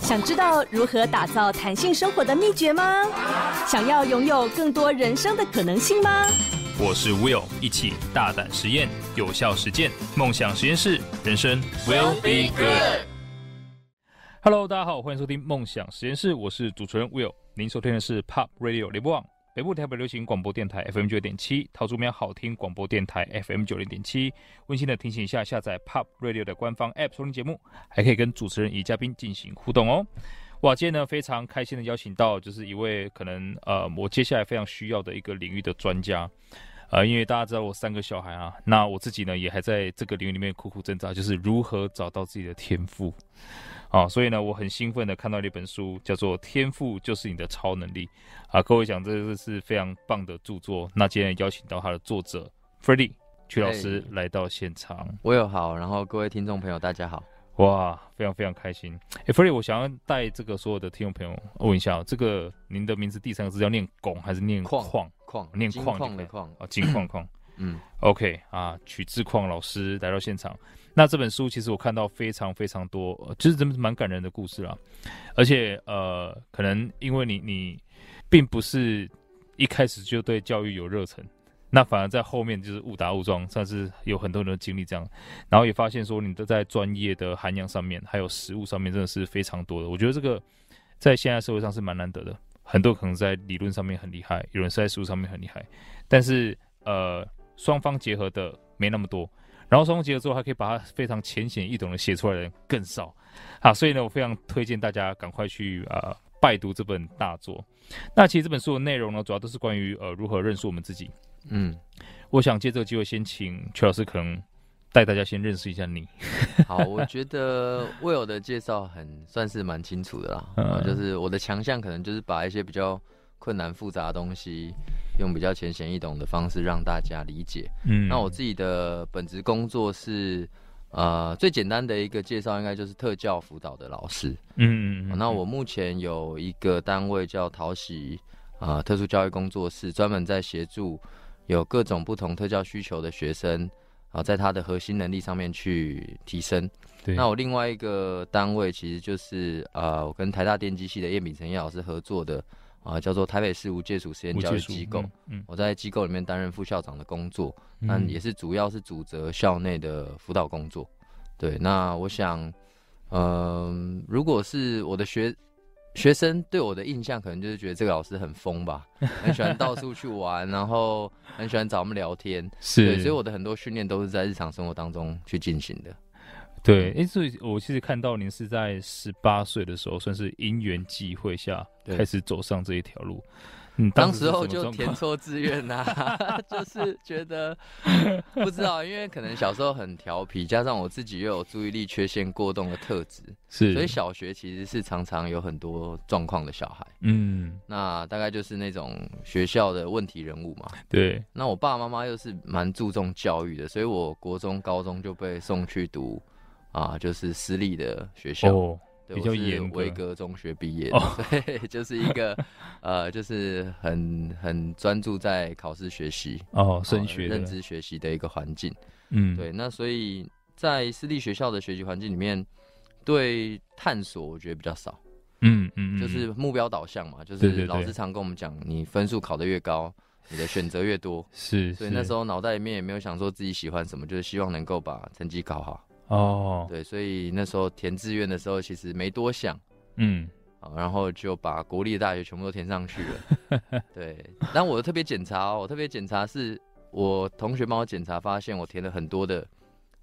想知道如何打造彈性生活的祕訣嗎？想要擁有更多人生的可能性嗎？我是 Will，一起大膽實驗，有效實踐，夢想實驗室，人生 Will be good。Hello，大家好，歡迎收聽夢想實驗室，我是主持人 Will，您收聽的是 Pop Radio 聯播網。北部台北流行廣播電臺 FM 九點七，桃竹苗好聽廣播電臺 FM 九零點七，溫馨的提醒一下，下載 Pop Radio 的官方 App 收聽節目，還可以跟主持人與嘉賓進行互動哦。哇，今天呢非常開心的邀請到，就是一位可能呃我接下來非常需要的一個領域的專家。呃，因為大家知道我三個小孩啊，那我自己呢也還在這個領域裡面苦苦掙扎，就是如何找到自己的天賦。啊，所以呢，我很興奮地看到了一本書，叫做《天賦就是你的超能力》啊。各位想這就是非常棒的著作。那今天邀請到他的作者 Freddie 曲老師來到現場，欸，我有好，然後各位聽眾朋友大家好，哇，非常非常開心。Freddie，我想要帶這個所有的聽眾朋友問一下，嗯啊、這個您的名字第三個字要念“拱”還是念礦“礦”？礦礦念礦的礦啊，金礦礦。 嗯，OK，啊，曲智鑛老師來到現場。那這本書其實我看到非常非常多，呃、就是真的是蠻感人的故事啦。而且呃，可能因為你你並不是一開始就對教育有熱忱，那反而在後面就是誤打誤撞，算是有很多人的經歷這樣。然後也發現說，你都在專業的涵養上面，還有實務上面，真的是非常多的。我覺得這個在現在社會上是蠻難得的。很多可能在理論上面很厲害，有人是在書上面很厲害，但是呃。雙方結合的沒那麼多，然後雙方結合之後還可以把它非常淺顯易懂的寫出來的更少，啊，所以呢，我非常推薦大家趕快去呃拜讀這本大作。那其實這本書的內容呢，主要都是關於呃如何認識我們自己。嗯，我想借這個機會先請曲老師可能帶大家先認識一下你。好，我覺得威爾的介紹很 算是蠻清楚的啦，嗯，呃，就是我的強項可能就是把一些比較，困難複雜的東西，用比較淺顯易懂的方式讓大家理解。嗯，那我自己的本職工作是，呃，最簡單的一個介紹應該就是特教輔導的老師。嗯，嗯，嗯，嗯、啊、那我目前有一個單位叫陶璽、呃、特殊教育工作室，專門在協助有各種不同特教需求的學生啊、呃，在他的核心能力上面去提升。對。那我另外一個單位其實就是呃，我跟台大電機系的葉丙成葉老師合作的。啊、呃，叫做台北市無界塾實驗教育機構，嗯嗯、我在機構裡面擔任副校長的工作，那、嗯、也是主要是負責校內的輔導工作。對，那我想，嗯、呃，如果是我的學學生對我的印象，可能就是覺得這個老師很瘋吧，很喜歡到處去玩， 然後很喜歡找我們聊天，是對，所以我的很多訓練都是在日常生活當中去進行的。對，因所以我其實看到您是在十八歲的時候，算是因緣際會下開始走上這一條路對、嗯。當時候就填錯志願吶， 就是覺得 不知道，因為可能小時候很調皮，加上我自己又有注意力缺陷過動的特質，是，所以小學其實是常常有很多狀況的小孩。嗯，那大概就是那種學校的問題人物嘛。對，那我爸爸媽媽又是蠻注重教育的，所以我國中、高中就被送去讀。啊，就是私立的學校，比較嚴格。我是薇閣中學畢業，對，就是一個呃，就是很很專注在考試學習哦，升學認知學習的一個環境。嗯，對。那所以在私立學校的學習環境裡面，對探索我覺得比較少。嗯嗯，就是目標導向嘛，就是老師常跟我們講，你分數考得越高，你的選擇越多。是，所以那時候腦袋裡面也沒有想說自己喜歡什麼，就是希望能夠把成績考好。哦，oh. 對，所以那時候填志願的時候，其實沒多想，嗯，然後就把國立的大學全部都填上去了。 對，但我的特別檢查哦，我特別檢查是我同學幫我檢查，發現我填了很多的，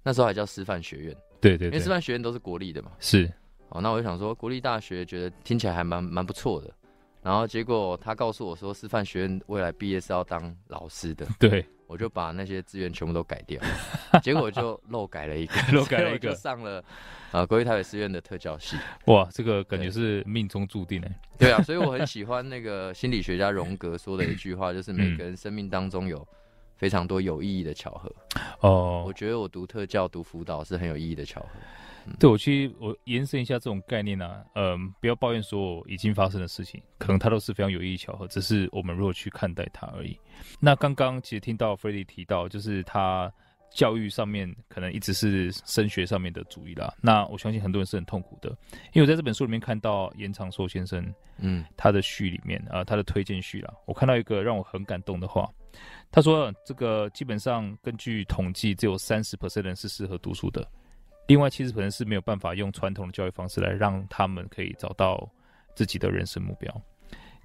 那時候還叫師範學院，對，對對，因為師範學院都是國立的嘛。是，哦，那我就想說國立大學，覺得聽起來還蠻蠻不錯的。然後結果他告訴我說，師範學院未來畢業是要當老師的。對。我就把那些志願全部都改掉，結果就漏改了一個， 漏改了一個就上了，啊、呃，國立台北師院的特教系。哇，這個感覺是命中注定哎。對啊，所以我很喜歡那個心理學家榮格說的一句話， 就是每個人生命當中有非常多有意義的巧合。哦、嗯，我覺得我讀特教、讀輔導是很有意義的巧合。對，我去我延伸一下這種概念啊，嗯、呃，不要抱怨說已經發生的事情，可能它都是非常有意義巧合，只是我們如何去看待它而已。那剛剛其實聽到 Freddie 提到，就是他教育上面可能一直是升學上面的主義啦，那我相信很多人是很痛苦的，因為我在這本書裡面看到嚴長壽先生，嗯，他的序裡面啊、嗯呃，他的推薦序啦，我看到一個讓我很感動的話，他說、呃、這個基本上根據統計，只有三十 percent 人是適合讀書的。另外，其實可能是沒有辦法用傳統的教育方式來讓他們可以找到自己的人生目標。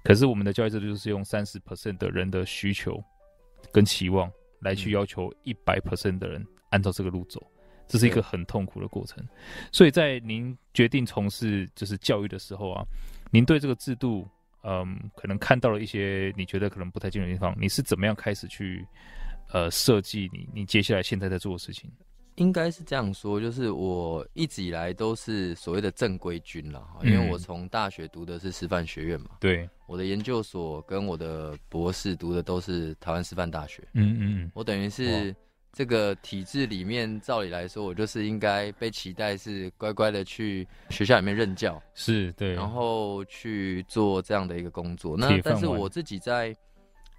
可是我們的教育制度就是用三十 percent 的人的需求跟期望來去要求一百 percent 的人按照這個路走，嗯、這是一個很痛苦的過程。對所以在您決定從事就是教育的時候啊，您對這個制度，嗯，可能看到了一些你覺得可能不太近的地方，你是怎麼樣開始去呃設計你你接下來現在在做的事情？應該是這樣說，就是我一直以來都是所謂的正規軍了，哈、嗯，因為我從大學讀的是師範學院嘛，對，我的研究所跟我的博士讀的都是台灣師範大學，嗯，嗯嗯，我等於是這個體制裡面，哦、照理來說，我就是應該被期待是乖乖的去學校裡面任教，是對，然後去做這樣的一個工作，那但是我自己在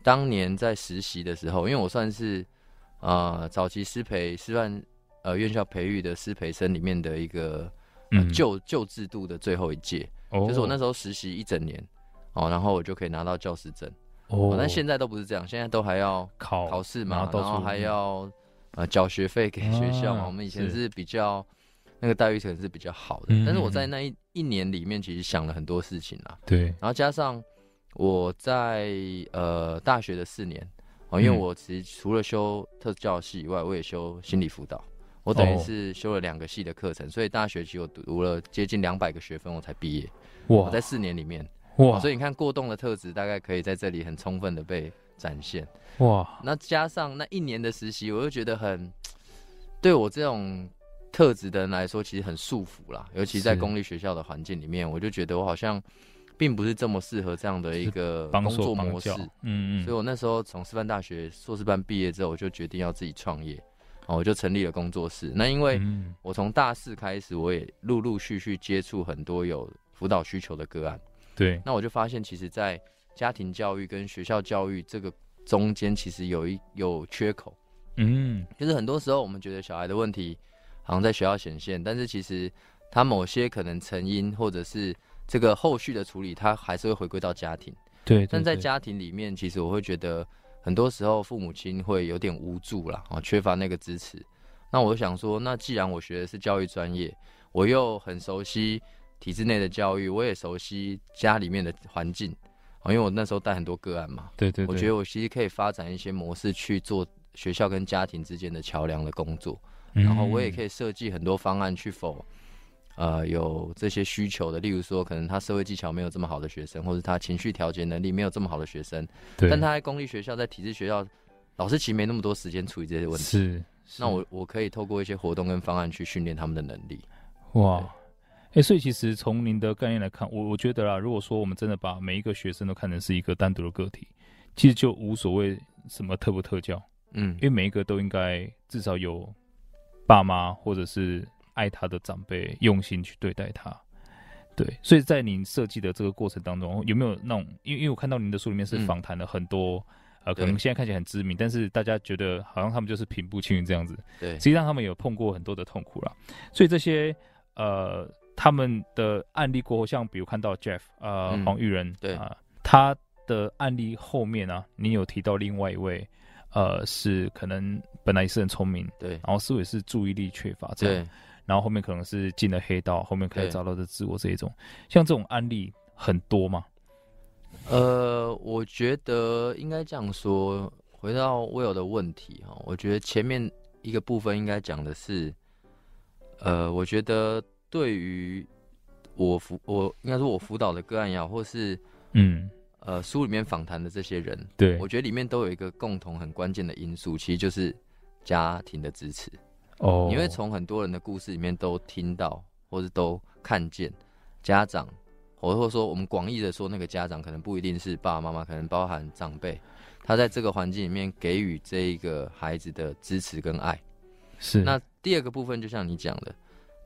當年在實習的時候，因為我算是啊、呃、早期師培師培師範，呃，院校培育的師培生裡面的一個舊舊、呃嗯、制度的最後一屆，哦、就是我那時候實習一整年，哦，然後我就可以拿到教師證。哦，哦，但現在都不是這樣，現在都還要考考試嘛，然後，然後還要呃繳學費給學校嘛。啊、我們以前是比較是那個待遇可能是比較好的，嗯嗯，但是我在那一,一年裡面其實想了很多事情啦。對。然後加上我在呃大學的四年，哦，嗯、因為我其實除了修特教系以外，我也修心理輔導。我等於是修了兩個系的課程，oh. 所以大學期我讀了接近兩百個學分，我才畢業。哇！我在四年裡面，哇！啊！所以你看過動的特質，大概可以在這裡很充分的被展現。哇！那加上那一年的實習，我就覺得很，對我這種特質的人來說，其實很束縛啦。尤其在公立學校的環境裡面，是。我就覺得我好像並不是這麼適合這樣的一個工作模式。幫幫嗯嗯。所以我那時候從師範大學碩士班畢業之後，我就決定要自己創業。我就成立了工作室。那因為我從大四開始，我也陸陸續續接觸很多有輔導需求的個案。對。那我就發現，其實，在家庭教育跟學校教育這個中間，其實有一有缺口。嗯。就是很多時候，我們覺得小孩的問題好像在學校顯現，但是其實他某些可能成因，或者是這個後續的處理，他還是會回歸到家庭。對，對，對。但在家庭裡面，其實我會覺得。很多時候父母親會有點無助啦啊，缺乏那個支持。那我就想說，那既然我學的是教育專業，我又很熟悉體制內的教育，我也熟悉家裡面的環境。因為我那時候帶很多個案嘛。對,對對。我覺得我其實可以發展一些模式去做學校跟家庭之間的橋梁的工作，然後我也可以設計很多方案去否。呃，有這些需求的，例如說，可能他社會技巧沒有這麼好的學生，或者他情緒調節能力沒有這麼好的學生，對。但他在公立學校，在體制學校，老師其實沒那麼多時間處理這些問題。是。是，那我我可以透過一些活動跟方案去訓練他們的能力。哇，哎，對，欸，所以其實從您的概念來看，我我覺得啦，如果說我們真的把每一個學生都看成是一個單獨的個體，其實就無所謂什麼特不特教，嗯，因為每一個都應該至少有爸媽或者是，愛他的長輩用心去對待他，對，所以在您設計的這個過程當中，有沒有那種，因為因為我看到您的書裡面是訪談了很多，嗯、呃，可能現在看起來很知名，對但是大家覺得好像他們就是平步青雲這樣子，對，實際上他們有碰過很多的痛苦了，所以這些呃他們的案例過後，像比如看到 Jeff，呃，嗯、黃玉仁，呃、對啊，他的案例後面啊，您有提到另外一位，呃，是可能本來是很聰明，對，然後思維是，是注意力缺乏，對。然後後面可能是進了黑道，後面可以找到的自我這一種，對像這種案例很多嗎？呃，我覺得應該這樣說。回到 Will 的問題哈，我覺得前面一個部分應該講的是，呃，我覺得對於我輔我應該說我輔導的個案也好，或是嗯呃書裡面訪談的這些人，對，我覺得裡面都有一個共同很關鍵的因素，其實就是家庭的支持。哦，你會從很多人的故事裡面都聽到或者都看見，家長，或者說我們廣義的說那個家長，可能不一定是爸爸媽媽，可能包含長輩，他在這個環境裡面給予這一個孩子的支持跟愛，是。那第二個部分就像你講的，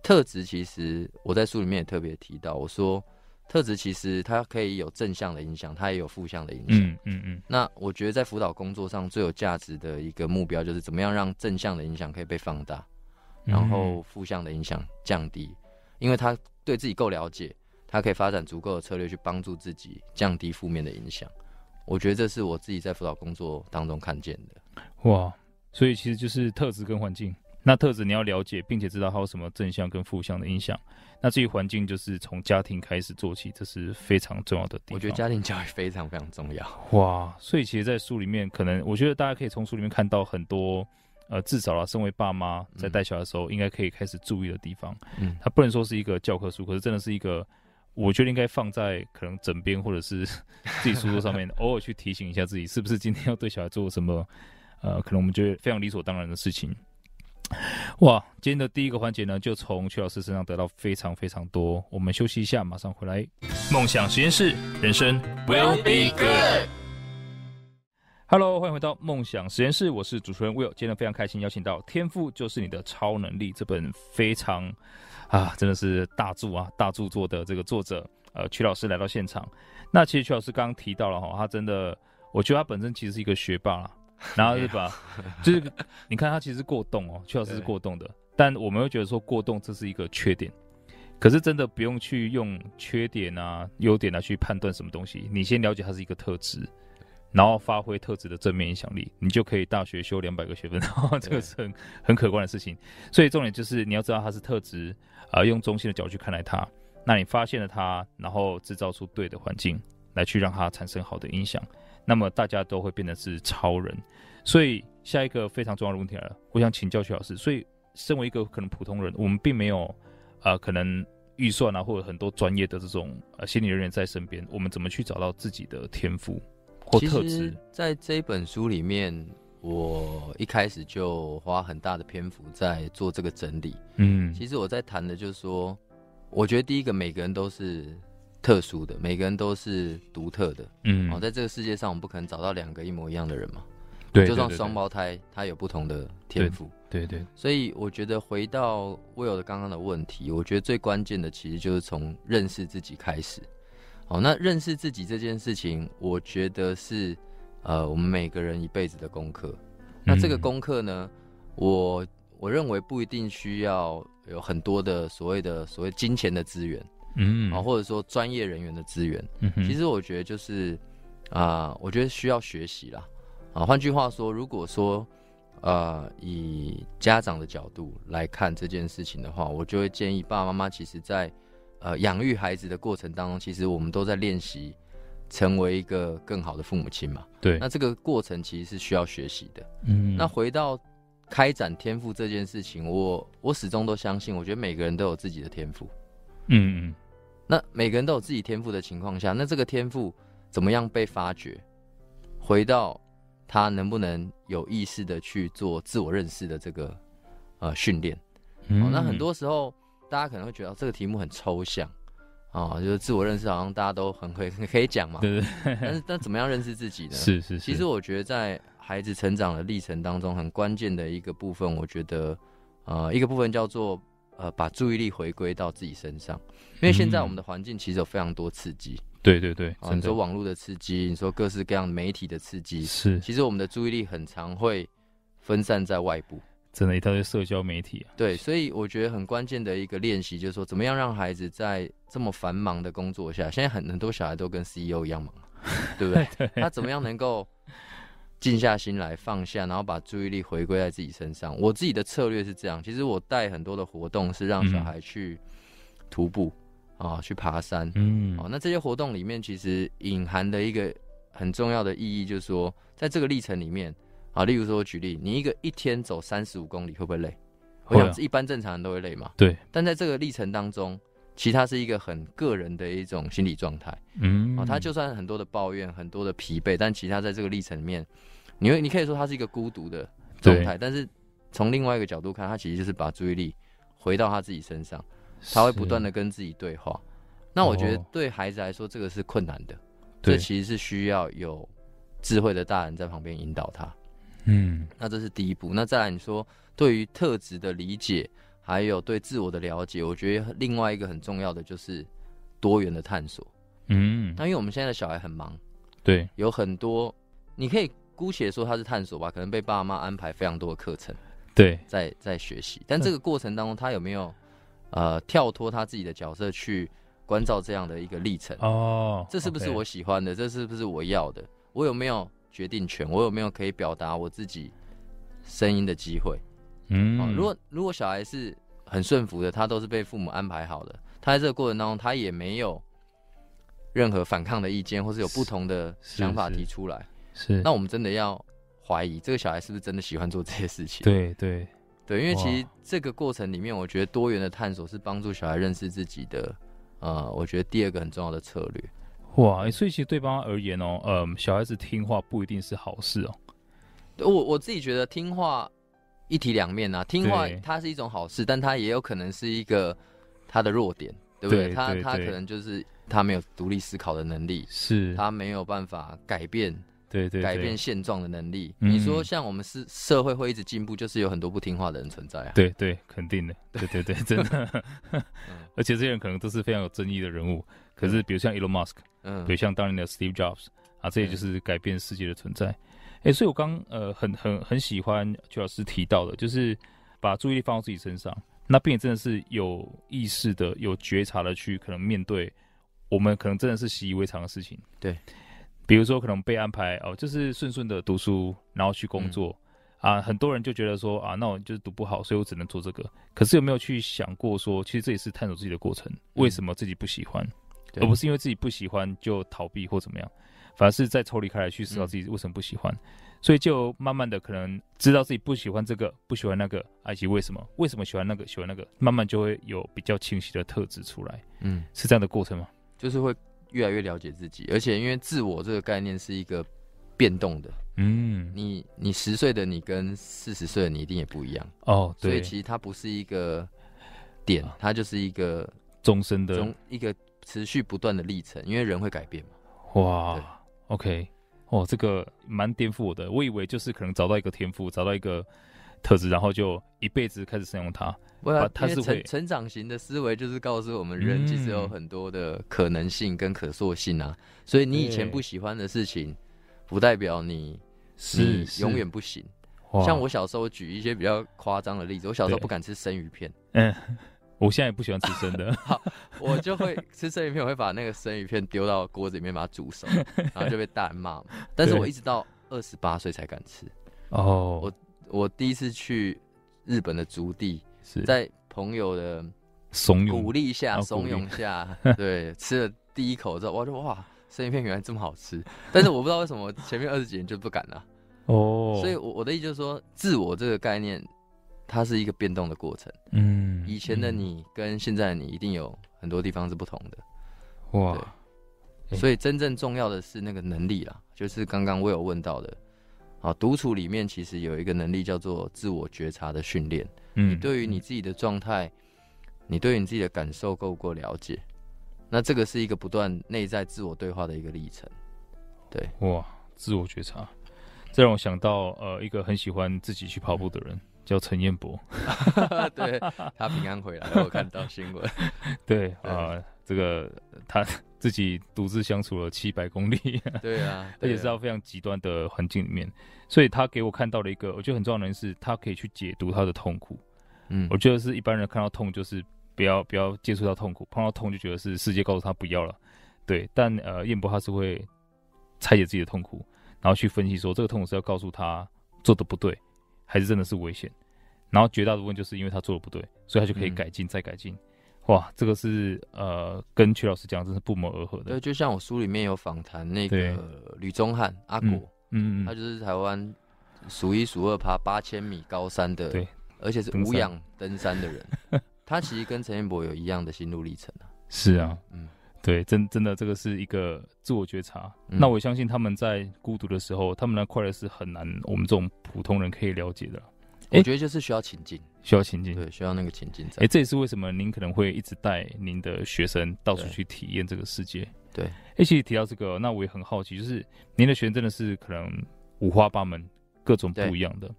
特質其實我在書裡面也特別提到，我說。特質其實它可以有正向的影響，它也有負向的影響。嗯。嗯嗯嗯。那我覺得在輔導工作上最有價值的一個目標，就是怎麼樣讓正向的影響可以被放大，然後負向的影響降低。嗯，因為他對自己夠了解，他可以發展足夠的策略去幫助自己降低負面的影響。我覺得這是我自己在輔導工作當中看見的。哇，所以其實就是特質跟環境。那特質你要了解，並且知道它有什麼正向跟負向的影響。那至於環境，就是從家庭開始做起，這是非常重要的地方。我覺得家庭教育非常非常重要。哇，所以其實，在書裡面，可能我覺得大家可以從書裡面看到很多，呃，至少啊，身為爸媽在帶小孩的時候，應該可以開始注意的地方。嗯，它不能說是一個教科書，可是真的是一個，我覺得應該放在可能枕邊或者是自己書桌上面，偶爾去提醒一下自己，是不是今天要對小孩做什麼？呃，可能我們覺得非常理所當然的事情。哇，今天的第一個環節呢，就從曲老師身上得到非常非常多。我們休息一下，馬上回來。夢想實驗室，人生 will be good。Hello，歡迎回到夢想實驗室，我是主持人 Will。今天非常開心，邀請到《天賦就是你的超能力》這本非常啊，真的是大著啊大著作的這個作者呃曲老師來到現場。那其實曲老師剛剛提到了哈，他真的，我覺得他本身其實是一個學霸了啊。然後是吧，有就是你看它其實是過動哦， 確實是過動的，對但我們會覺得說過動這是一個缺點，可是真的不用去用缺點啊、優點來去判斷什麼東西。你先了解它是一個特質，然後發揮特質的正面影響力，你就可以大學修兩百個學分，然後這個是很對很可觀的事情。所以重點就是你要知道它是特質而、呃、用中性的角度去看待它。那你發現了它，然後制造出對的環境來去讓它產生好的影響。那麼大家都會變得是超人，所以下一個非常重要的問題來了，我想請教曲老師。所以，身為一個可能普通人，我們並沒有，啊，可能預算啊，或者很多專業的這種呃心理人員在身邊，我們怎麼去找到自己的天賦或特質？在這一本書裡面，我一開始就花很大的篇幅在做這個整理。嗯，其實我在談的就是說，我覺得第一個，每個人都是。特殊的，每個人都是獨特的，嗯、哦，在這個世界上，我們不可能找到兩個一模一樣的人嘛，對，對，對，對、哦，就算雙胞胎，他有不同的天賦，對，對對，所以我覺得回到 Will 的剛剛的問題，我覺得最關鍵的其實就是從認識自己開始。好、哦，那認識自己這件事情，我覺得是呃，我們每個人一輩子的功課。那這個功課呢，嗯、我我認為不一定需要有很多的所謂的所謂金錢的資源。嗯啊，或者說專業人員的資源，嗯、哼其實我覺得就是，啊、呃，我覺得需要學習啦。啊，換句話說，如果說，呃，以家長的角度來看這件事情的話，我就會建議爸爸媽媽，其實在呃養育孩子的過程當中，其實我們都在練習成為一個更好的父母親嘛。對，那這個過程其實是需要學習的。嗯哼，那回到開展天賦這件事情，我我始終都相信，我覺得每個人都有自己的天賦。嗯嗯。那每個人都有自己天賦的情況下，那這個天賦怎麼樣被發掘？回到他能不能有意識的去做自我認識的這個呃訓練？嗯、哦，那很多時候大家可能會覺得這個題目很抽象啊、哦，就是自我認識好像大家都很可以可以講嘛，對對對，但是但怎麼樣認識自己呢？ 是是，是，其實我覺得在孩子成長的歷程當中，很關鍵的一個部分，我覺得呃一個部分叫做。呃，把注意力回歸到自己身上，因為現在我們的環境其實有非常多刺激。嗯、對對對，很多、啊、的網絡的刺激，你說各式各樣媒體的刺激，是，其實我們的注意力很常會分散在外部，真的，一大堆社交媒體、啊。對，所以我覺得很關鍵的一個練習，就是說，怎麼樣讓孩子在這麼繁忙的工作下，現在很很多小孩都跟 CEO 一樣忙、 嗯，對不對？他怎麼樣能夠？靜下心來，放下，然後把注意力回歸在自己身上。我自己的策略是這樣，其實我帶很多的活動是讓小孩去徒步、嗯、啊，去爬山，嗯，哦、啊，那這些活動裡面其實隱含的一個很重要的意義就是說，在這個歷程裡面啊，例如說我舉例，你一個一天走三十五公里會不會累？會、啊，我想一般正常人都會累嘛。對，但在這個歷程當中。其實他是一個很個人的一種心理狀態，嗯，啊，他就算很多的抱怨，很多的疲憊，但其實他在這個歷程裡面，你會你可以說他是一個孤獨的狀態，對但是從另外一個角度看，他其實就是把注意力回到他自己身上，他會不斷的跟自己對話。是那我覺得對孩子來說，這個是困難的，對、哦，這其實是需要有智慧的大人在旁邊引導他，嗯對，那這是第一步。那再來，你說對於特質的理解。還有對自我的了解，我覺得另外一個很重要的就是多元的探索。嗯，但因為我們現在的小孩很忙，對，有很多你可以姑且說他是探索吧，可能被爸媽安排非常多的課程，對，在在學習，但這個過程當中，他有沒有、嗯、呃跳脫他自己的角色去觀照這樣的一個歷程？哦，這是不是我喜歡的？哦、這是不是我要的？okay 我有沒有決定權？我有沒有可以表達我自己聲音的機會？嗯，如果如果小孩是很順服的，他都是被父母安排好的，他在這個過程當中，他也沒有任何反抗的意見，或是有不同的想法提出來，是，是，是。那我們真的要懷疑這個小孩是不是真的喜歡做這些事情？對對對，因為其實這個過程裡面，我覺得多元的探索是幫助小孩認識自己的，哇，呃，我覺得第二個很重要的策略。哇，所以其實對爸媽而言哦，嗯，小孩子聽話不一定是好事哦。我我自己覺得聽話，一體兩面啊，聽話它是一種好事，對但它也有可能是一個他的弱點，對不對？他他可能就是他沒有獨立思考的能力，是，他沒有辦法改變對對改變現狀的能力。你說像我們是社會會一直進步，就是有很多不聽話的人存在，啊嗯，對對，肯定的，對對對，真的。 而且這些人可能都是非常有爭議的人物，可是比如像 Elon Musk，嗯，比如像當年的 Steve Jobs，啊，這也就是改變世界的存在。欸、所以我剛剛呃很很很喜歡曲老師提到的，就是把注意力放到自己身上，那並且真的是有意識的、有覺察的去可能面對我們可能真的是習以為常的事情。對，比如說可能被安排哦，就是順順的讀書，然後去工作、嗯、啊，很多人就覺得說啊，那我就是讀不好，所以我只能做這個。可是有沒有去想過說，其實這也是探索自己的過程？為什麼自己不喜歡？嗯、對，而不是因為自己不喜歡就逃避或怎麼樣？反而是再抽離開來去思考自己為什麼不喜歡，嗯、所以就慢慢的可能知道自己不喜歡這個，不喜歡那個，以及為什麼？為什麼喜歡那個？喜歡那個？慢慢就會有比較清晰的特質出來。嗯，是這樣的過程嗎？就是會越來越了解自己，而且因為自我這個概念是一個變動的。嗯你，你你十歲的你跟四十歲的你一定也不一樣哦。對。所以其實它不是一個點，它就是一個、啊、終身的、一個持續不斷的歷程，因為人會改變嘛。哇。OK，哦，這個蠻顛覆我的。我以為就是可能找到一個天賦，找到一個特質，然後就一輩子開始使用它。他因為成成長型的思維就是告訴我們，人其實有很多的可能性跟可塑性啊。嗯，所以你以前不喜歡的事情，不代表你是對永遠不行。像我小時候舉一些比較誇張的例子，我小時候不敢吃生魚片。我現在也不喜歡吃生的 我就會吃生魚片， 我會把那個生魚片丟到鍋子裡面把它煮熟，然後就被大人罵嘛。 對但是我一直到二十八歲才敢吃哦。Oh. 我我第一次去日本的築地是在朋友的慫恿、鼓勵下、慫恿、oh, 患下，對，吃了第一口之後，我就哇，生魚片原來這麼好吃。 但是我不知道為什麼前面二十幾年就不敢了、啊。哦，oh. 所以我的意思就是說，自我這個概念。它是一個變動的過程，嗯，以前的你跟現在的你一定有很多地方是不同的，哇，對欸、所以真正重要的是那個能力啦，就是剛剛我有問到的，好，獨處裡面其實有一個能力叫做自我覺察的訓練，嗯、你對於你自己的狀態，嗯、你對於你自己的感受夠不夠了解？那這個是一個不斷內在自我對話的一個歷程，對，哇，自我覺察，這讓我想到呃，一個很喜歡自己去跑步的人。嗯叫陳彥博 對，對他平安回來， 我看到新聞，啊，對啊，這個他自己獨自相處了七百公里，對啊，而且是在非常極端的環境裡面，所以他給我看到了一個我覺得很重要的人是，他可以去解讀他的痛苦。嗯，我覺得是一般人看到痛就是不要不要接觸到痛苦，碰到痛就覺得是世界告訴他不要了，對，但呃，彥博他是會拆解自己的痛苦，然後去分析說這個痛苦是要告訴他做的不對。還是真的是危險，然後絕大部分就是因為他做的不對，所以他就可以改進再改進。嗯、哇，這個是呃，跟曲老師講真是不謀而合的。對，就像我書裡面有訪談那個呂、呃對呃、中漢阿果、嗯，嗯，嗯他就是台灣數一數二爬八千米高山的，對，而且是無氧登山的人。登山 他其實跟陳彥博有一樣的心路歷程啊。是啊。嗯嗯對，真真的，這個是一個自我覺察。嗯、那我相信他們在孤獨的時候，他們的快樂是很難我們這種普通人可以了解的。欸、我覺得就是需要情境，需要情境，對，需要那個情境。哎、欸，這也是為什麼您可能會一直帶您的學生到處去體驗這個世界。對，其實、欸、提到這個，那我也很好奇，就是您的學生真的是可能五花八門，各種不一樣的。對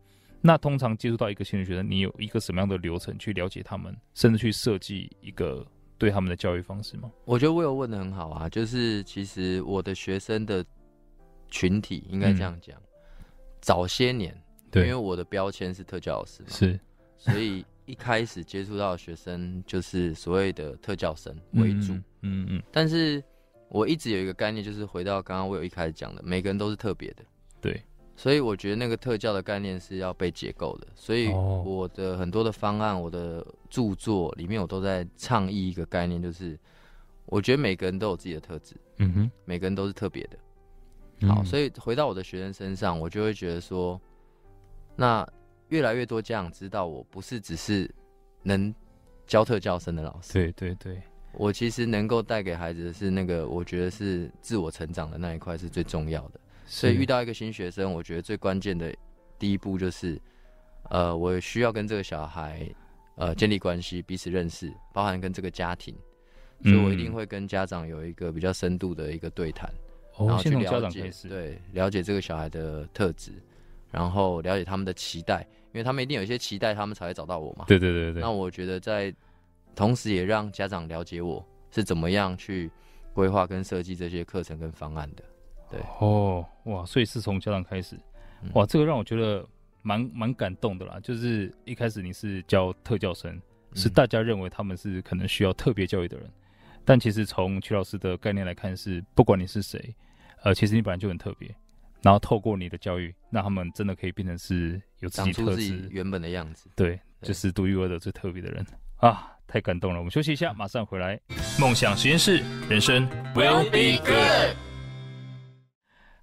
那通常接觸到一個新的學生，你有一個什麼樣的流程去了解他們，甚至去設計一個？對他們的教育方式嗎？我覺得 Will 問的很好啊，就是其實我的學生的群體應該這樣講，嗯、早些年，對因為我的標籤是特教老師嘛，是， 所以一開始接觸到的學生就是所謂的特教生為主，嗯嗯，嗯，嗯，嗯嗯，但是我一直有一個概念，就是回到剛剛 Will 一開始講的，每個人都是特別的，對。所以我覺得那個特教的概念是要被解構的。所以我的很多的方案，我的著作裡面，我都在倡議一個概念，就是我覺得每個人都有自己的特質，嗯哼，每個人都是特別的。好，所以回到我的學生身上，我就會覺得說，那越來越多家長知道，我不是只是能教特教生的老師。對對對，我其實能夠帶給孩子的，是那個我覺得是自我成長的那一塊是最重要的。所以遇到一個新學生，我覺得最關鍵的第一步就是，呃，我需要跟這個小孩，呃，建立關係，彼此認識，包含跟這個家庭，所以我一定會跟家長有一個比較深度的一個對談，然後去了解，對，了解這個小孩的特質，然後了解他們的期待，因為他們一定有一些期待，他們才會找到我嘛。對對對對。那我覺得在，同時也讓家長了解我是怎麼樣去規劃跟設計這些課程跟方案的。對哦，哇！所以是從家長開始，嗯、哇，這個讓我覺得蠻蠻感動的啦。就是一開始你是教特教生，嗯、是大家認為他們是可能需要特別教育的人，但其實從曲老師的概念來看是，是不管你是誰，呃，其實你本來就很特別。然後透過你的教育，讓他們真的可以變成是有自己特質、長出自己原本的樣子。對，對就是獨一無二的最特別的人啊！太感動了，我們休息一下，馬上回來。夢想實驗室，人生 will be good。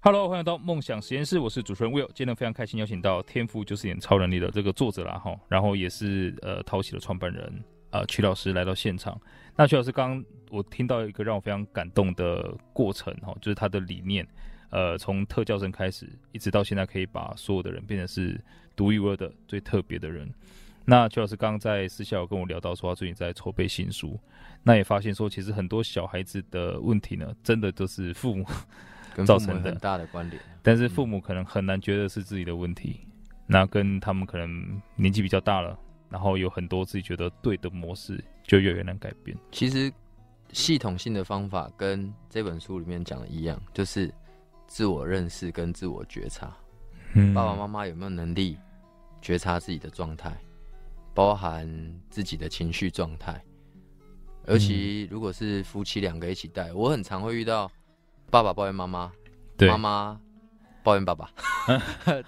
哈嘍，Hello, 歡迎來到夢想實驗室。我是主持人 Will，今天非常開心邀請到《天賦就是你的超能力》的這個作者啦，哈，然後也是呃陶璽的創辦人啊，呃，曲老師來到現場。那曲老師，剛剛我聽到一個讓我非常感動的過程，哈，就是他的理念，呃，從特教生開始，一直到現在，可以把所有的人變成是獨一無二的最特別的人。那曲老師剛剛在私下有跟我聊到，說他最近在籌備新書，那也發現說，其實很多小孩子的問題呢，真的都是父母。造成很大的關聯，但是父母可能很難覺得是自己的問題，那、嗯、跟他們可能年紀比較大了，然後有很多自己覺得對的模式就越，越難改變。其實系統性的方法跟這本書裡面講的一樣，就是自我認識跟自我覺察。嗯、爸爸媽媽有沒有能力覺察自己的狀態，包含自己的情緒狀態？尤其如果是夫妻兩個一起帶，我很常會遇到。爸爸抱怨媽媽，對媽媽抱怨爸爸，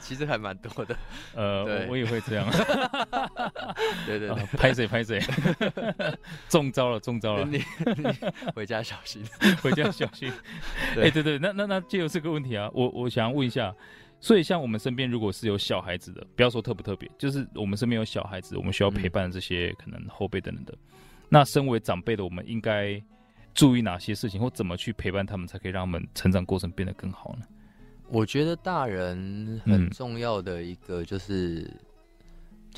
其實還蠻多的。 呃對我，我也會這樣。 對、對對，拍誰拍誰中招了？中招了。你，你回家小心， 回家小心。哎對、欸，對對，那那那，借由這個問題啊，我我想要問一下，所以像我們身邊，如果是有小孩子的，不要說特不特別，就是我們身邊有小孩子，我們需要陪伴這些可能後輩等等的，嗯、那身為長輩的，我們應該。注意哪些事情，或怎麼去陪伴他們，才可以讓他們成長過程變得更好呢？我覺得大人很重要的一個就是、嗯、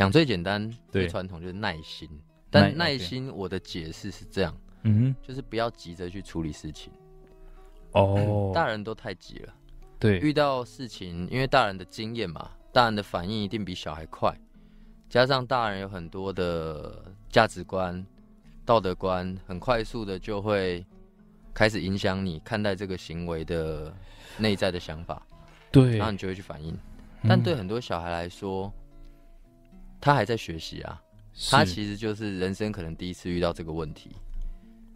講最簡單、對最傳統，就是耐心。但耐心，我的解釋是這樣，嗯，就是不要急着去處理事情。哦， 大人都太急了。對，遇到事情，因為大人的經驗嘛，大人的反應一定比小孩快，加上大人有很多的價值觀。道德觀很快速的就會開始影響你看待這個行為的內在的想法，對，然後你就會去反應。但對很多小孩來說，嗯、他還在學習啊，是他其實就是人生可能第一次遇到這個問題。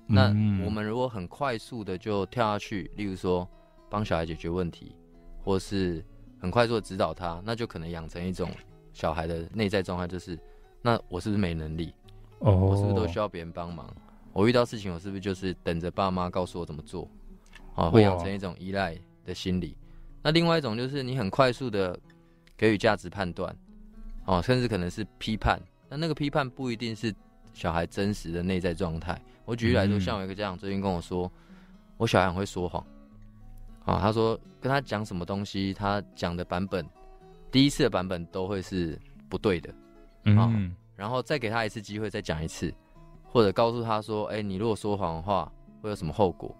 那我們如果很快速的就跳下去，例如說幫小孩解決問題，或是很快速的指導他，那就可能養成一種小孩的內在狀態，就是那我是不是沒能力？Oh, 我是不是都需要別人幫忙？我遇到事情，我是不是就是等着爸媽告訴我怎麼做？啊，oh. 會養成一種依賴的心理。那另外一種就是你很快速的給予價值判斷，哦、啊，甚至可能是批判。那那個批判不一定是小孩真實的內在狀態。我舉例來說，嗯、像有一個家長最近跟我說，我小孩很會說謊，啊，他說跟他講什麼東西，他講的版本，第一次的版本都會是不對的，嗯。啊然後再給他一次機會，再講一次，或者告訴他說：“哎，你如果說謊的話，會有什麼後果？”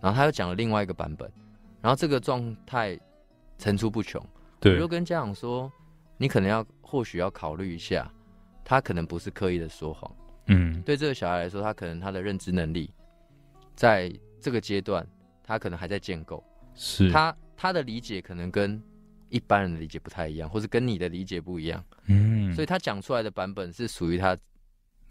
然後他又講了另外一個版本。然後這個狀態層出不窮。對我就跟家長說：“你可能要，或許要考慮一下，他可能不是刻意的說謊。”嗯，對這個小孩來說，他可能他的認知能力在這個階段，他可能還在建構。是他他的理解可能跟一般人的理解不太一樣，或是跟你的理解不一樣。嗯、所以他講出來的版本是屬於他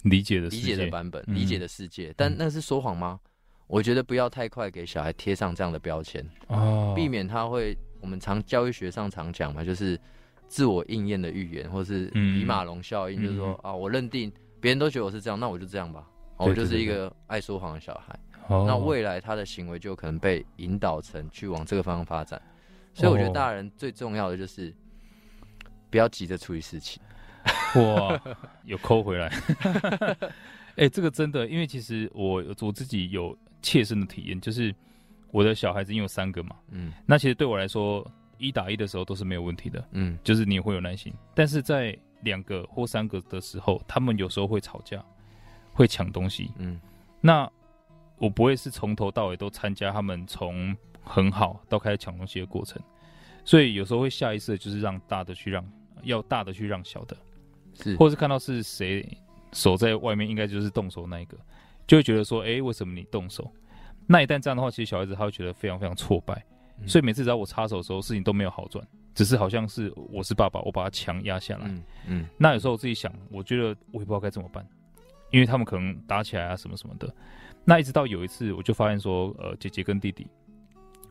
理解的世界理解的版本，理解的世界。嗯、但那是說謊嗎？我覺得不要太快給小孩貼上這樣的標籤哦，避免他會我們常教育學上常講嘛，就是自我應驗的預言，或是比馬龍效應，就是說、嗯、啊，我認定別人都覺得我是這樣，那我就這樣吧，我就是一個愛說謊的小孩。哦、那未來他的行為就可能被引導成去往這個方向發展。所以我覺得大人最重要的就是。哦不要急着處理事情，哇，有 call 回來，哎、 欸，這個真的，因為其實我我自己有切身的體驗，就是我的小孩子因為有三個嘛，嗯，那其實對我來說一打一的時候都是沒有問題的，嗯，就是你也會有耐心，但是在兩個或三個的時候，他們有時候會吵架，會搶東西，嗯，那我不會是從頭到尾都參加他們從很好到開始搶東西的過程，所以有時候會下意識的就是讓大的去讓。要大的去讓小的，是，或是看到是誰守在外面，應該就是動手那一個，就會覺得說，哎、欸，為什麼你動手？那一旦這樣的話，其實小孩子他會覺得非常非常挫敗，所以每次只要我插手的時候，事情都沒有好轉，只是好像是我是爸爸，我把他強壓下來，嗯，嗯，那有時候我自己想，我覺得我也不知道該怎麼辦，因為他們可能打起來啊什麼什麼的，那一直到有一次我就發現說，呃，姐姐跟弟弟。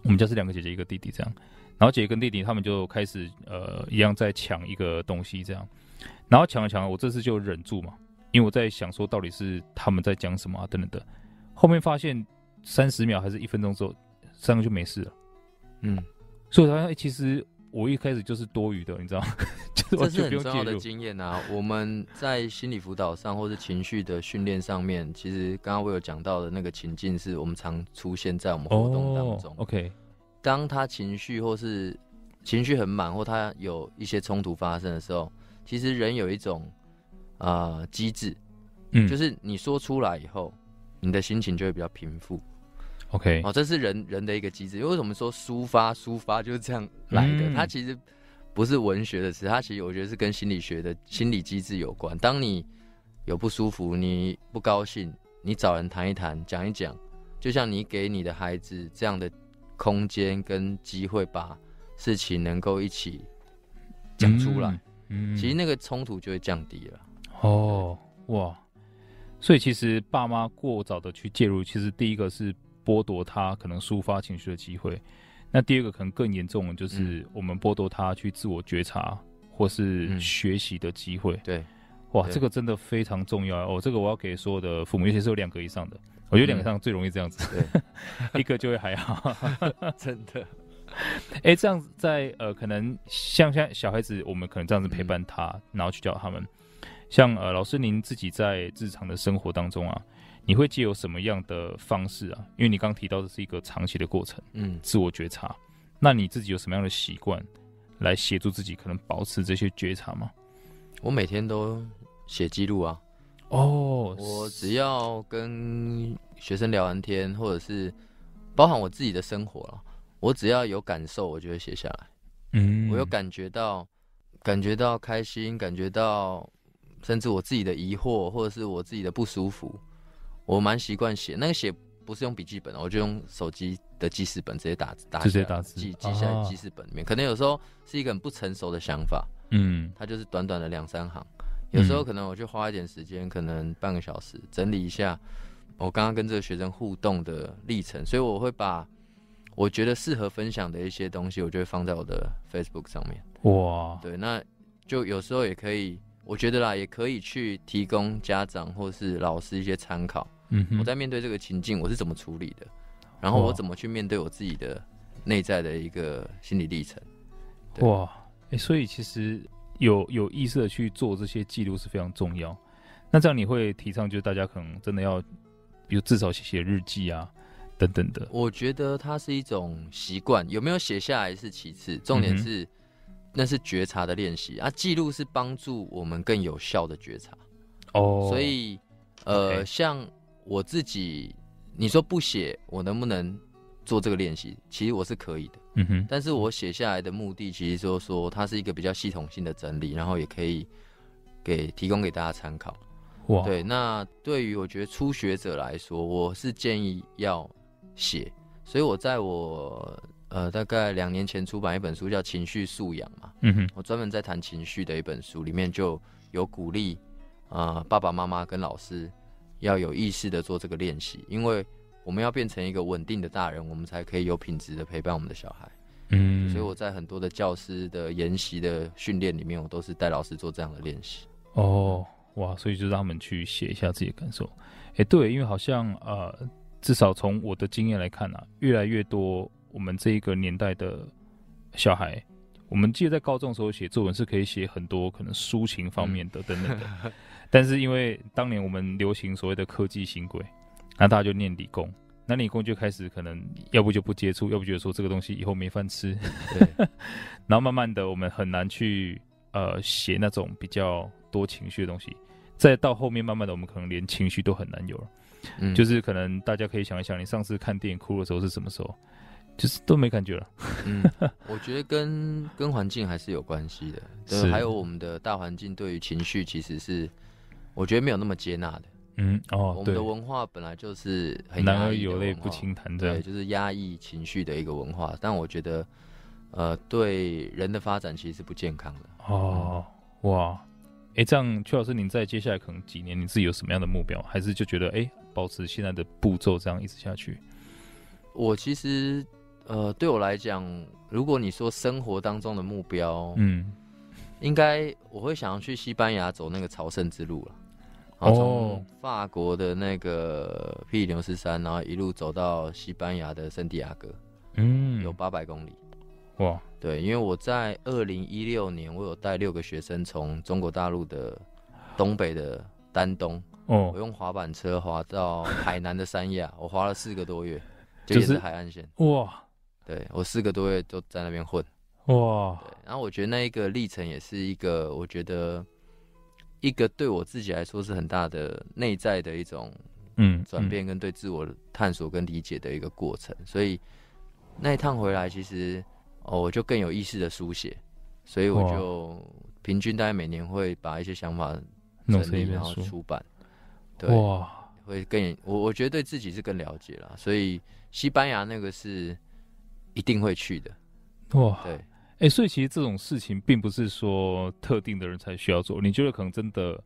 我們家是兩個姐姐，一個弟弟，這樣。然後姐姐跟弟弟他們就開始，呃，一樣在搶一個東西，這樣。然後搶了搶了，我這次就忍住嘛，因為我在想說，到底是他們在講什麼啊，等等等。後面發現三十秒還是一分鐘之後，三個就沒事了。嗯，所以他、欸、其實。我一開始就是多餘的，你知道嗎？ 就是我就這是很重要的經驗啊！ 我們在心理輔導上，或是情緒的訓練上面，其實剛剛我有講到的那個情境，是我們常出現在我們活動當中。Oh, OK，當他情緒或是情緒很滿，或他有一些衝突發生的時候，其實人有一種啊、呃、機制，嗯、就是你說出來以後，你的心情就會比較平復。OK，哦，這是人人的一個機制。因為為什麼說抒發、抒發就是這樣來的？嗯、它其實不是文學的事，它其實我覺得是跟心理學的心理機制有關。當你有不舒服、你不高興，你找人談一談、講一講，就像你給你的孩子這樣的空間跟機會，把事情能夠一起講出來，嗯，嗯其實那個衝突就會降低了。哦，對哇，所以其實爸媽過早的去介入，其實第一個是。剝奪他可能抒發情緒的機會，那第二個可能更嚴重的就是我們剝奪他去自我覺察或是、嗯、學習的機會。嗯、哇對，哇，這個真的非常重要哦。這個我要給所有的父母，嗯、尤其是有兩個以上的，嗯、我覺得兩個以上最容易這樣子，對，呵呵對一個就會還好。 真的，哎、 欸，這樣子在呃，可能像像小孩子，我們可能這樣子陪伴他，嗯、然後去教他們。像呃，老師您自己在日常的生活當中啊。你會借由什麼樣的方式啊？因為你剛剛提到的是一個長期的過程，嗯，自我覺察。那你自己有什麼樣的習慣來協助自己可能保持這些覺察嗎？我每天都寫記錄啊。哦，oh, 我只要跟學生聊完天，或者是包含我自己的生活了，啊，我只要有感受，我就會寫下來。嗯，我有感覺到，感覺到開心，感覺到甚至我自己的疑惑，或者是我自己的不舒服。我蠻習慣寫，那個寫不是用筆記本，我就用手機的記事本直接打字，打直接打字記記下來，記事本裡面。啊、可能有時候是一個很不成熟的想法，嗯，它就是短短的兩三行。有時候可能我就花一點時間，嗯、可能半個小時整理一下我剛剛跟這個學生互動的歷程。所以我會把我覺得適合分享的一些東西，我就會放在我的 Facebook 上面。哇，對，那就有時候也可以，我覺得啦，也可以去提供家長或是老師一些參考。嗯，我在面對這個情境，我是怎麼處理的？然後我怎麼去面對我自己的內在的一個心理歷程？哇，哎、欸，所以其實有有意識的去做這些記錄是非常重要。那這樣你會提倡，就是大家可能真的要，比如至少寫日記啊，等等的。我覺得它是一種習慣，有沒有寫下來是其次，重點是、嗯、哼那是覺察的練習啊。記錄是幫助我們更有效的覺察。哦，所以呃，像。Okay. 我自己，你說不寫，我能不能做這個練習？其實我是可以的。嗯哼。但是我寫下來的目的，其實就說說它是一個比較系統性的整理，然後也可以給提供給大家參考。哇。對，那對於我覺得初學者來說，我是建議要寫。所以我在我呃大概兩年前出版一本書叫《情緒素養》嘛。嗯哼。我專門在談情緒的一本書裡面就有鼓勵，呃，爸爸媽媽跟老師。要有意識的做這個練習，因為我們要變成一個穩定的大人，我們才可以有品質的陪伴我們的小孩。嗯，所以我在很多的教師的研習的訓練裡面，我都是帶老師做這樣的練習。哦，哇，所以就讓他們去寫一下自己的感受。誒，對，因為好像呃，至少從我的經驗來看啊，越來越多我們這一個年代的小孩，我們記得在高中的時候寫作文是可以寫很多可能抒情方面的等等的。嗯 但是因為當年我們流行所謂的科技新貴，那大家就念理工，那理工就開始可能要不就不接觸，要不覺得說這個東西以後沒飯吃，對 然後慢慢的我們很難去呃寫那種比較多情緒的東西，再到後面慢慢的我們可能連情緒都很難有了，嗯、就是可能大家可以想一想，你上次看電影哭的時候是什麼時候，就是都沒感覺了。 嗯、我覺得跟跟環境還是有關係的，是還有我們的大環境對於情緒其實是。我覺得沒有那麼接納的，嗯哦，我，我們的文化對本來就是很男兒有淚不輕彈的，對，就是壓抑情緒的一個文化。但我覺得，呃，對人的發展其實是不健康的。哦、嗯、哇，哎、欸，這樣，曲老師，您在接下來可能幾年，你自己有什麼樣的目標？還是就覺得，哎、欸，保持現在的步驟這樣一直下去？我其實，呃，對我來講，如果你說生活當中的目標，嗯，應該我會想要去西班牙走那個朝聖之路了。然後從法國的那個比利牛斯山，然後一路走到西班牙的聖地亞哥，嗯，有八百公里，哇，對，因為我在二零一六年，我有帶六個學生從中國大陸的東北的丹東，哦，我用滑板車滑到海南的三亞， 我滑了四個多月，就、是、就也是海岸線，哇，對，我四個多月都在那邊混，哇，對，然後我覺得那一個歷程也是一個，我覺得。一個對我自己來說是很大的內在的一種嗯轉變，跟對自我探索跟理解的一個過程。嗯嗯、所以那一趟回來，其實哦，我就更有意識的書寫，所以我就平均大概每年會把一些想法整理一書，然後出版。對，哇會更我我覺得對自己是更了解了。所以西班牙那個是一定會去的。哇，對。哎，所以其實這種事情並不是說特定的人才需要做。你覺得可能真的，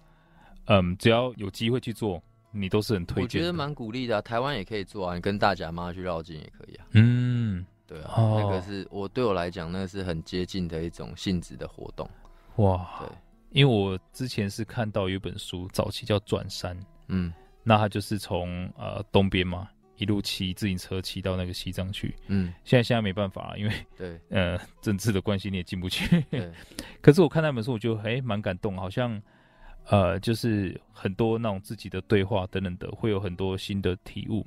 嗯，只要有機會去做，你都是很推薦的。我覺得蠻鼓勵的啊，台灣也可以做啊，你跟大甲媽去繞境也可以啊。嗯，對啊，哦，那個是我對我來講，那個是很接近的一種性質的活動。哇，對，因為我之前是看到有一本書，早期叫轉山，嗯，那它就是從呃東邊嘛。一路騎自行車騎到那個西藏去，嗯，現在現在沒辦法，因為對呃政治的關係你也進不去對呵呵。可是我看那本書，我就誒蠻感動，好像呃就是很多那種自己的對話等等的，會有很多新的體悟。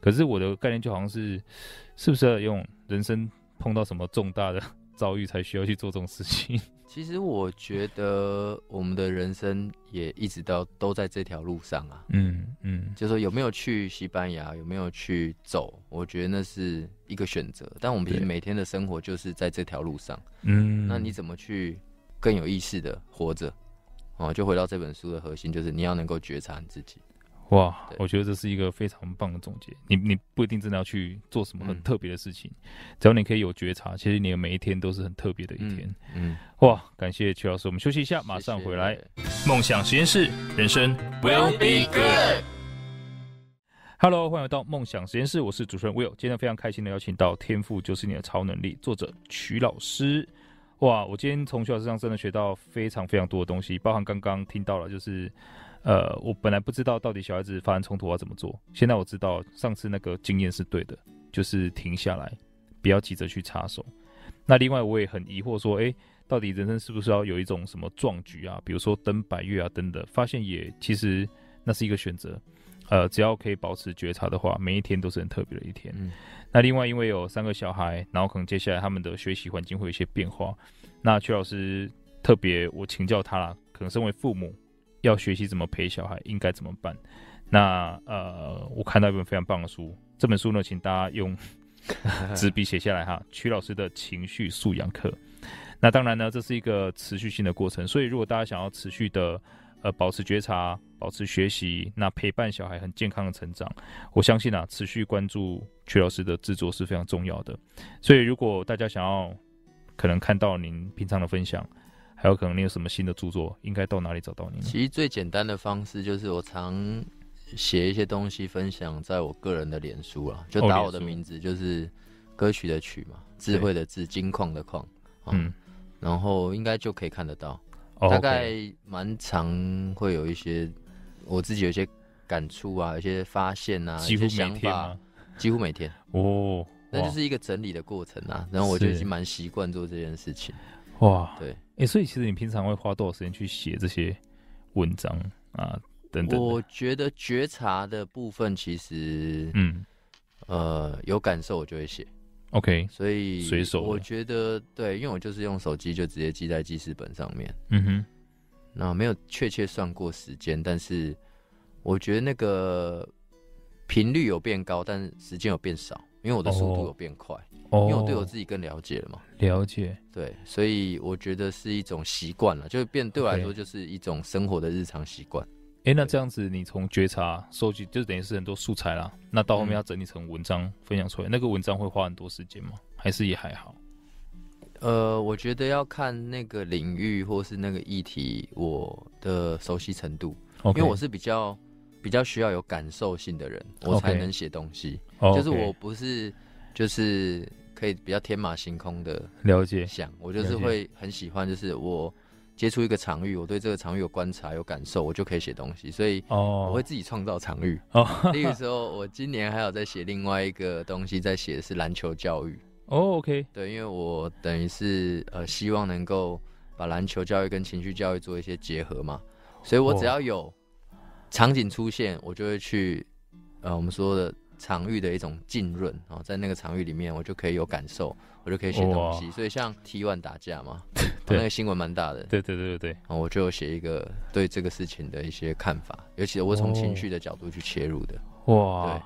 可是我的概念就好像是，是不是要用人生碰到什麼重大的遭遇才需要去做這種事情？其實我覺得我們的人生也一直到都在這條路上啊，嗯嗯，就是說有沒有去西班牙，有沒有去走，我覺得那是一個選擇。但我們平時每天的生活就是在這條路上，嗯，那你怎麼去更有意識的活着？哦，就回到這本書的核心，就是你要能夠覺察你自己。哇，對我覺得這是一個非常棒的總結。你你不一定真的要去做什麼很特別的事情，嗯、只要你可以有覺察，其實你的每一天都是很特別的一天。嗯，嗯哇，感謝曲老師，我們休息一下，馬上回來。夢謝想實驗室，人生 will be good。Hello，歡迎回到夢想實驗室，我是主持人 Will。今天非常開心的邀請到《天賦就是你的超能力》作者曲老師。哇，我今天從曲老師身上真的學到非常非常多的東西，包含剛剛聽到了就是。呃，我本來不知道到底小孩子發生衝突要怎麼做，現在我知道上次那個經驗是對的，就是停下來，不要急着去插手。那另外我也很疑惑說，哎，到底人生是不是要有一種什麼壯舉啊？比如說登百岳啊，等等，發現也其實那是一個選擇。呃，只要可以保持覺察的話，每一天都是很特別的一天。嗯、那另外因為有三個小孩，然後可能接下來他們的學習環境會有一些變化。那曲老師特別我請教他啦，可能身為父母。要學習怎麼陪小孩，應該怎麼辦？那呃，我看到一本非常棒的書，這本書呢，請大家用紙筆寫下來哈。 曲老師的情緒素養課。那當然呢，這是一個持續性的過程，所以如果大家想要持續的呃保持覺察、保持學習，那陪伴小孩很健康的成長，我相信啊，持續關注曲老師的製作是非常重要的。所以如果大家想要可能看到您平常的分享。還有可能你有什麼新的著作，應該到哪裡找到你？其實最簡單的方式就是我常寫一些東西分享在我個人的臉書啊，就打我的名字，就是歌曲的曲嘛，哦、智慧的智，對金礦的礦，啊、嗯，然後應該就可以看得到。哦、大概蠻常會有一些、哦 okay、我自己有一些感觸啊，有些發現啊，幾乎每天嗎？幾乎每天哦，那就是一個整理的過程啊。然後我就已經蠻習慣做這件事情。哇、嗯，對。誒、欸，所以其實你平常會花多少時間去寫這些文章啊？等等，我覺得覺察的部分其實，嗯，呃，有感受我就會寫。OK，所以隨手我覺得對，因為我就是用手機就直接記在記事本上面。嗯哼，那沒有確切算過時間，但是我覺得那個頻率有變高，但是時間有變少，因為我的速度有變快。Oh. Oh, 因為我對我自己更了解了嘛，了解，對，所以我覺得是一種習慣了，就是變對我來說就是一種生活的日常習慣。哎 Okay. 對、欸，那這樣子你從覺察收集，就是等於是很多素材啦。那到後面要整理成文章分享出來，嗯、那個文章會花很多時間嗎？還是也還好？呃，我覺得要看那個領域或是那個議題我的熟悉程度。Okay. 因為我是比較比較需要有感受性的人，我才能寫東西。Okay. 就是我不是就是。可以比較天馬行空的了解想，我就是會很喜歡，就是我接觸一個場域，我對這個場域有觀察、有感受，我就可以寫東西。所以我會自己創造場域。那個時候，我今年還有在寫另外一個東西，在寫的是籃球教育。哦，OK，對，因為我等於是呃，希望能夠把籃球教育跟情緒教育做一些結合嘛，所以我只要有場景出現，我就會去呃，我們說的。場域的一種浸潤啊，在那個場域裡面，我就可以有感受，我就可以寫東西。Oh, wow. 所以像 T one 打架嘛， 對哦、那個新聞蠻大的。對對對對，哦、我就寫一個對這個事情的一些看法，尤其我從情緒的角度去切入的。哇，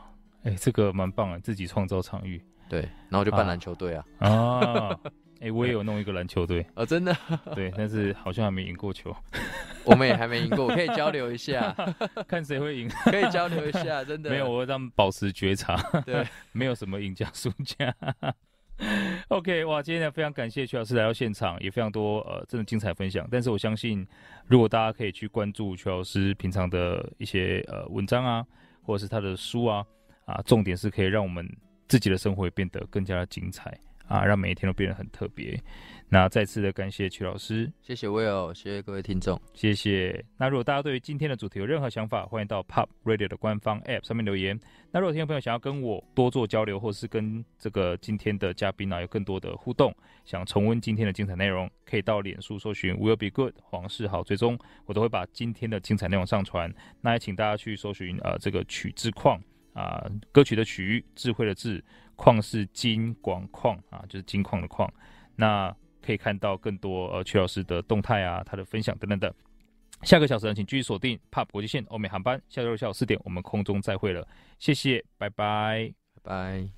哎，這個蠻棒啊，自己創造場域。對，然後就辦籃球隊啊。啊。Ah. Ah. 哎、欸，我也有弄一個籃球隊啊對對、哦，真的。對，但是好像還沒贏過球。我們也還沒贏過， 我可以交流一下， 看誰會贏。可以交流一下，真的。沒有，我會讓他們保持覺察。對，啊，對，沒有什麼贏家輸家。 OK，哇，今天非常感謝曲老師來到現場，也非常多呃，真的精彩的分享。但是我相信，如果大家可以去關注曲老師平常的一些呃文章啊，或者是他的書啊，啊、呃，重點是可以讓我們自己的生活也變得更加的精彩。啊，讓每一天都變得很特別。那再次的感謝曲老師，謝謝 Will，謝謝各位聽眾，謝謝。那如果大家對於今天的主題有任何想法，歡迎到 Pop Radio 的官方 App 上面留言。那如果聽眾朋友想要跟我多做交流，或是跟這個今天的嘉賓、啊、有更多的互動，想重溫今天的精彩內容，可以到臉書搜尋 Will Be Good 黃氏豪，最終我都會把今天的精彩內容上傳。那也請大家去搜尋呃這個曲智鑛啊、呃，歌曲的曲，智慧的智。礦是金廣礦啊，就是金礦的礦那可以看到更多呃曲老師的動態啊，他的分享等等等。下個小時呢、啊，請繼續鎖定 POP 國際線歐美航班。下周六下午四點，我們空中再會了，謝謝，拜拜，拜拜。